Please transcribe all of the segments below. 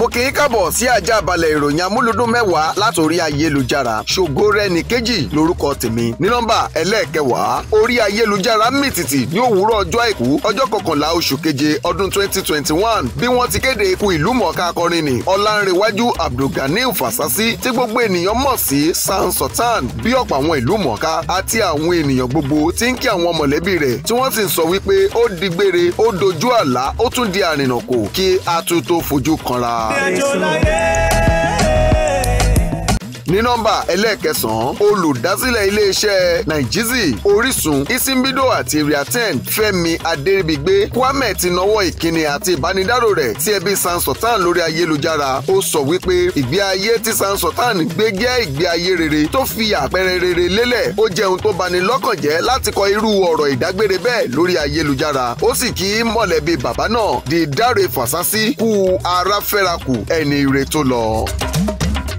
mo kì í kábọ̀ sí ajá balẹ̀ ìròyìn amúlùdún mẹ́wàá látòrí ayélujára ṣògo rẹ ní kejì lórúkọ tèmi ní nọ́mbà ẹlẹ́ẹ̀kẹwàá orí ayélujára mìtìtì ní òwúrọ̀ ọjọ́ àìkú ọjọ́ kọkànlá oṣù keje ọdún twenty twenty one bí wọ́n ti kéde ikú ìlú mọ̀ọ́ká akọrin ní ọlánrewájú abdulganil fasasi tí gbogbo ènìyàn mọ̀ sí san sultan bí ọ̀pọ̀ àwọn ìlú mọ̀ọ́ká àti àwọn ènìyàn gbogbo ti ń kí àwọn mọ̀lẹ́bí rẹ̀ tí wọ́n sì ń sọ wípé ó digbére ó dojú àlá ó tún i Joe, like, yeah. ní nọ́mbà ẹlẹ́ẹ̀kẹsàn-án olùdásílẹ̀ iléeṣẹ́ Nigezie Orísun Isimbido àti Area 10 Fẹ́mi Kwame ti nawọ́ ìkíni àti ìbánidárò rẹ̀ sí ẹbí San Sultan lórí ayélujára ó sọ wípé ìgbé ayé tí San Sultan gbé jẹ́ ìgbé ayé rere tó fi àpẹẹrẹ rere lélẹ̀ ó jẹ́ ohun tó bani lọ́kàn jẹ́ láti kọ irú ọ̀rọ̀ ìdágbére bẹ́ẹ̀ lórí ayélujára ó sì kí mọ̀lẹ́bí bàbá náà di dáre fàṣásí kú ara fẹ́ra kù ẹni ire tó lọ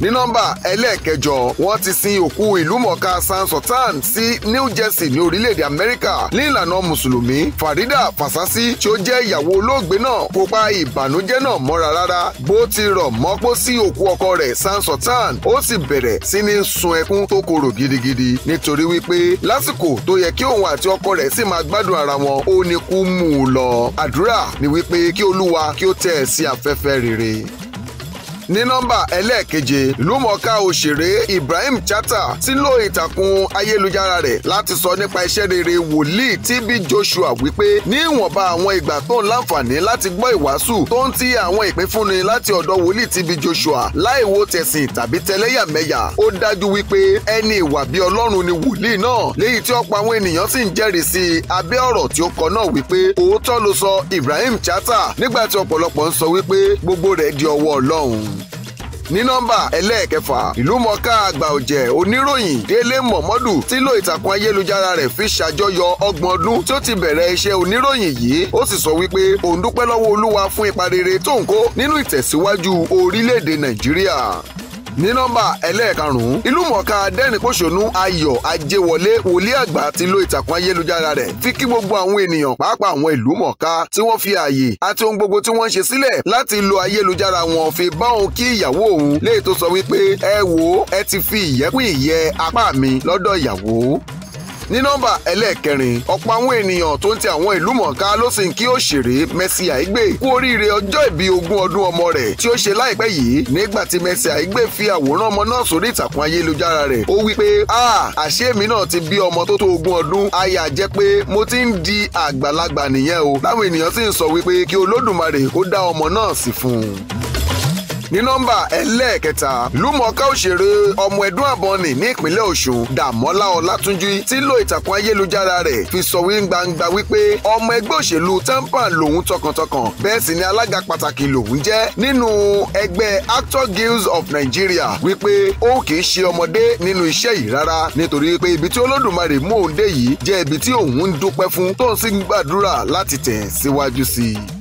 ní nọ́mbà ẹlẹ́ẹ̀kẹjọ wọ́n ti sin òkú ìlúmọ̀ọ́ká sansotan sí New Jersey ní orílẹ̀-èdè Amẹ́ríkà ní ìlànà mùsùlùmí Farida Fasasi tí ó jẹ́ ìyàwó olóògbé náà kò pa ìbànújẹ́ náà mọ́ra rárá bó ti rọ̀ mọ́pọ́ sí òkú ọkọ rẹ̀ sansotan ó sì bẹ̀rẹ̀ sí ní sun ẹkún tó korò gidigidi nítorí wípé lásìkò tó yẹ kí òun àti ọkọ rẹ̀ sì máa gbádùn ara wọn ó ní kú mú un lọ àdúrà ni wípé kí olúwa kí ó tẹ̀ sí afẹ́fẹ́ rere ní nọ́mbà ẹlẹ́ẹ̀keje ìlúmọ̀ọ́ká òṣèré Ibrahim Chata ti lo ìtàkùn ayélujára rẹ̀ láti sọ nípa iṣẹ́ rere wòlíì TB Joshua wípé ní ìwọ̀nba àwọn ìgbà tó ń láǹfààní láti gbọ́ ìwàásù tó ń ti àwọn ìpínfúnni láti ọ̀dọ̀ wòlíì TB Joshua láì wo tẹ̀sìn tàbí tẹlẹ́yàmẹ̀yà ó dájú wípé ẹni ìwà bí Ọlọ́run ni wòlíì náà léyìí tí ọ̀pọ̀ àwọn ènìyàn sì ń jẹ́rìí sí abẹ́ ọ̀rọ̀ tí ó kọ náà wípé Ibrahim Chatta nígbà tí ọ̀pọ̀lọpọ̀ ń sọ ní nọ́mbà ẹlẹ́ẹ̀kẹfà ìlúmọ̀ọ́ká àgbà ọ̀jẹ̀ oníròyìn Délé Mọ̀mọ́dù ti lo ìtàkùn ayélujára rẹ̀ fi ṣàjọyọ̀ ọgbọ̀n ọdún tí ó ti bẹ̀rẹ̀ iṣẹ́ oníròyìn yìí ó sì sọ wípé òun dúpẹ́ lọ́wọ́ Olúwa fún ipa rere tó ń kó nínú ìtẹ̀síwájú orílẹ̀-èdè Nàìjíríà ní nọ́mbà ẹlẹ́ẹ̀karùn-ún ìlú mọ̀ọ́ká dẹ́rìn-pọ̀ṣọ́nù ayọ̀ ajẹ́wọlé wòlíì àgbà ti lo ìtàkùn ayélujára rẹ̀ fi kí gbogbo àwọn ènìyàn pàápàá àwọn ìlú mọ̀ọ́ká tí wọ́n fi ààyè àti ohun gbogbo tí wọ́n ṣe sílẹ̀ láti lo ayélujára wọn fi bá òun kí ìyàwó òun léè tó sọ wípé ẹ wò ẹ ti fi ìyẹ́kùn ìyẹ́ apá mi lọ́dọ̀ ìyàwó ní nọ́mbà ẹlẹ́ẹ̀kẹrin ọ̀pọ̀ àwọn ènìyàn tó ń ti àwọn ìlú mọ̀ọ́ká ló sì ń kí òṣèré Mercy Aigbe kú oríire ọjọ́ ìbí ogún ọdún ọmọ rẹ̀ tí ó ṣe láìpẹ́ yìí nígbà tí Mercy Aigbe fi àwòrán ọmọ náà sórí ìtàkùn ayélujára rẹ̀ ó wí pé a àṣé èmi náà ti bí ọmọ tó tó ogún ọdún àyà jẹ́ pé mo ti ń di àgbàlagbà nìyẹn o láwọn ènìyàn sì ń sọ wípé kí Olódùmarè kó dá ọmọ náà sí fún un ní nọ́mbà ẹlẹ́ẹ̀kẹta lúmọ̀ọ́ká òṣèré ọmọ ẹ̀dún àbọ̀nì ní ìpínlẹ̀ Ọ̀ṣun Dàmọ́lá Ọlátúnjí tí ló ìtàkùn ayélujára rẹ̀ fi sọ wí gbangba wípé ọmọ ẹgbẹ́ òṣèlú tampan lòun tọkàntọkàn bẹ́ẹ̀ sì ni alága pàtàkì lòun jẹ́ nínú ẹgbẹ́ Actor Guild of Nigeria wípé ó kì í ṣe ọmọdé nínú iṣẹ́ yìí rárá nítorí pé ibi tí Olódùmarè mú òun dé yìí jẹ́ ibi tí òun ń dúpẹ́ fún tóun sì gbàdúrà láti tẹ̀ síwájú sí i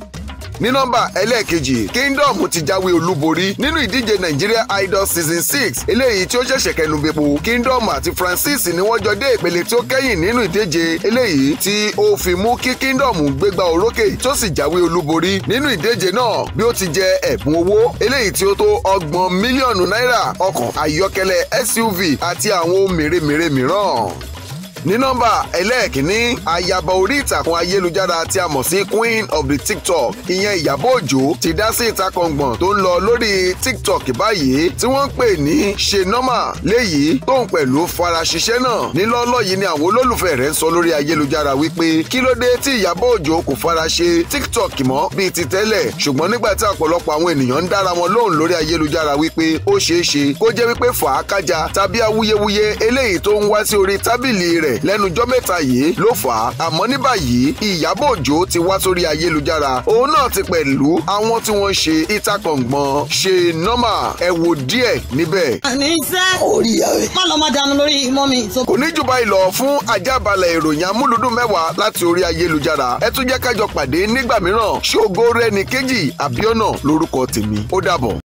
ní nọ́mbà ẹlẹ́ẹ̀kejì Kingdom ti jáwé olúborí nínú ìdíje Nigeria Idol season six eléyìí tí ó ṣẹ̀ṣẹ̀ kẹnubẹ̀pọ̀ Kingdom àti Francis ni wọ́n jọ dé ìpele tí ó kẹ́yìn nínú ìdíje eléyìí tí ó fi mú kí Kingdom gbégbá orókè tó sì jáwé olúborí nínú ìdíje náà bí ó ti jẹ ẹ̀bùn owó eléyìí tí ó tó ọgbọ̀n mílíọ̀nù náírà ọkọ̀ ayọ́kẹ́lẹ́ SUV àti àwọn ohun mèremère mìíràn ní nọ́mbà ẹlẹ́ẹ̀kínní ayaba orí ìtàkùn ayélujára tí a mọ̀ sí queen of the tiktok ìyẹn ìyábọ̀ òjó ti dá sí ìtakọ̀ngbọ̀n tó ń lọ lórí tiktok báyìí tí wọ́n ń pè ní ṣe nọ́mà léyìí tóun pẹ̀lú faraṣiṣẹ́ náà nílọ́lọ́ yìí ni àwọn olólùfẹ́ rẹ̀ ń sọ lórí ayélujára wípé kí ló dé tí ìyábọ̀ òjó kò faraṣe tiktok mọ́ bíi ti tẹ́lẹ̀ ṣùgbọ́n nígbà tí ọ̀pọ̀lọpọ̀ àwọn ènìyàn ń dára wọn lóhùn lórí ayélujára wípé ó ṣeé ṣe kó jẹ́ wípé rẹ̀ lẹ́nujọ́ mẹ́ta yìí ló fà á àmọ́ ní báyìí Ìyábọ̀ Òjó ti wá sórí ayélujára òun náà ti pẹ̀lú àwọn tí wọ́n ṣe ìtakọ̀ngbọ̀n ṣe nọ́mà ẹ wo díẹ̀ níbẹ̀. àní sẹ́ orí ẹ̀rẹ̀ má lọ́ máa dànù lórí mọ́ mi. kò ní jù báyìí lọ fún ajábalẹ̀ ìròyìn amúlùdùn mẹ́wàá láti orí ayélujára ẹ tún jẹ́ kájọ pàdé nígbà mìíràn